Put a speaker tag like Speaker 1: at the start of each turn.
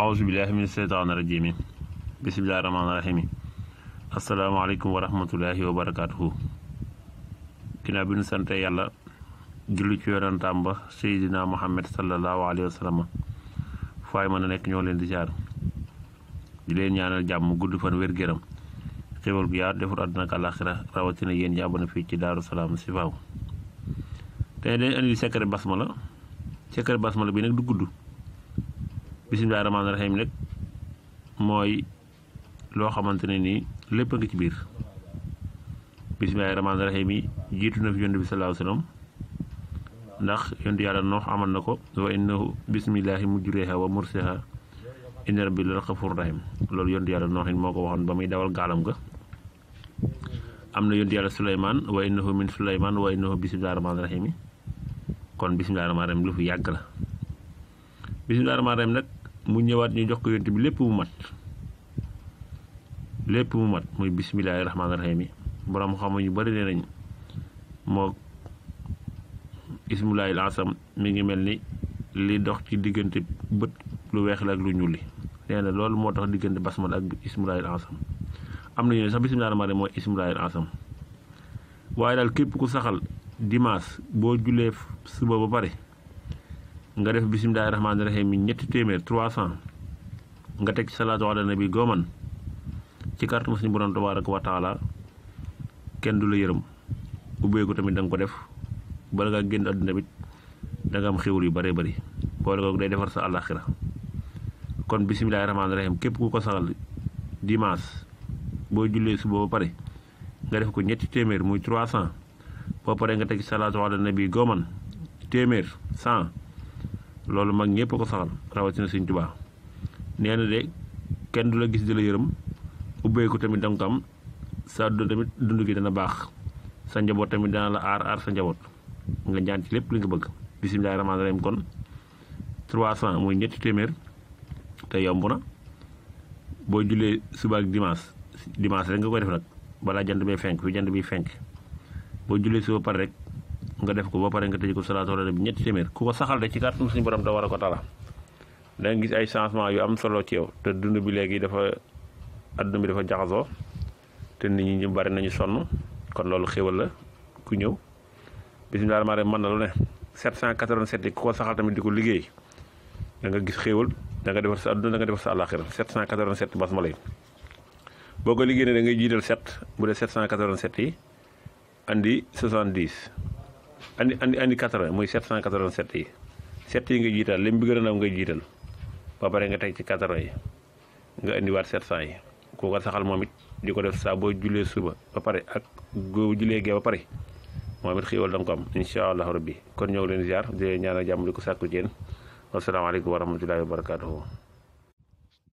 Speaker 1: aousubillahi mi seytaan rajimi bisimilahi rahmaani rahimi asalaamaaleykum wa rahmatullahi wa barakaatuhu ginnaaw bi nu sante yàlla julli ci yonantaam ba seydina muhammad salallahu alayhi wa faay mën a nekk ñoo leen di jaar di leen ñaanal jàmm gudd fan wér-géram xéwal gu yaatu deful àdduna ak àlaxira rawatina yéen ñi fii ci daaru salaam si faaw tey dañ indi secret basmala secret basmala bi nag du gudd bisimilah rahmaani rahiim nag mooy loo xamante ne nii lépp a ngi ci biir bisimilah rahmaani rahiim yi jiitu na fi yonent bi salaahu salaam ndax yonent yàlla noox amal na ko wa innahu bisimilahi mujreha wa murseha inna rabbi la xafur rahim loolu yonent yàlla nooxin moo ko waxoon ba muy dawal gaalam ga am na yonent yàlla Suleymaan wa innahu min Suleymaan wa innahu bisimilah rahmaani rahiim yi kon bisimilah rahmaani rahiim lu fi yàgg la bisimilah rahmaani rahiim nag. mu ñëwaat ñu jox ko yonent bi lépp mu mat lépp mu mat muy bismillaahi rahmaani rahiim yi borom xam yu bari nee nañ moo ismulaayil asam mi ngi mel ni li dox ci diggante bët lu weex la ak lu ñuul li nee na loolu moo tax diggante basmal ak ismulaayil asam am na ñu ne sax bismillaahi rahmaani rahiim mooy ismulaayil asam waaye daal képp ku saxal dimanche boo jullee suba ba pare nga def bisimilahi rahmaani rahim yi ñetti téeméer 300 nga teg ci salaatu ala nabi gooman ci kàrtu suñu borom tabaaraka wa taala kenn du la yërëm ubbeeku tamit da nga ko def bala ngaa génn àdduna bi da nga am xéwal yu bëree bari boole ko day defar sa àllaaxira kon bisimilahi rahmaani rahim képp ku ko saxal dimanche boo jullee suba ba pare nga def ko ñetti téeméer muy 300 boo pare nga teg ci salaatu ala nabi gooman téeméer 100. loolu mag ñëpp ko saxal rawatina sëñ Tuubaa nee na de kenn du la gis di la yërëm ubbeeku tamit danga ko sa tamit dund gi dana baax sa njaboot tamit dana la aar aar sa njaboot nga ñaan ci lépp li nga bëgg bisimilah rahmaani rahim kon 300 mooy ñetti téeméer te yomb na boo jullee suba ak dimanche dimanche rek nga koy def nag balaa jant bay fenk fi jant biy fenk boo jullee suba pare rek. nga def ko boo pare nga tëj ko salaatu ala nabi ñetti téeméer ku ko saxal de ci kàttan suñu borom tabaaraka wa taala da nga gis ay changement yu am solo ci yow te dund bi léegi dafa adduna bi dafa jaxasoo te nit ñi ñu bari nañu sonn kon loolu xéwal la ku ñëw bisimilah maa mën na lu ne 787 yi ku ko saxal tamit di ko liggéey da nga gis xéwal da nga defar sa adduna da nga defar sa àllaaxira 787 bas ma lay boo ko liggéey ne ngay jiital 7 bu dee 787 yi andi 70. andi indi indi 80 muy 787 yi 7 yi nga jiital lim bi gën a ndaw nga jiital ba bare nga tey ci 80 yi nga indiwaat 700 yi koo ko saxal moom it di ko def saa boo julee suba ba pare ak boo julee gee ba pare moom it xiiwal da nga ko am incha allah rabbi kon ñëw leen ziar di leen ñaanal jàmm di ko sàkku jéen wasalaamaaleykum wa rahmatullahi wa barakaatuhu